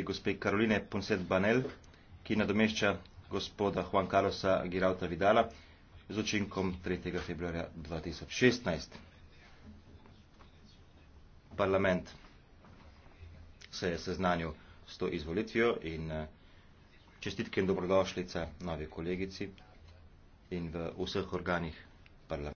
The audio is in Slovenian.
gospe Karoline Ponset Banel, ki nadomešča gospoda Juan Carlosa Giralta Vidala z učinkom 3. februarja 2016. Parlament se je seznanil s to izvolitvijo in eh, čestitke in dobrodošlica novi kolegici in v vseh organih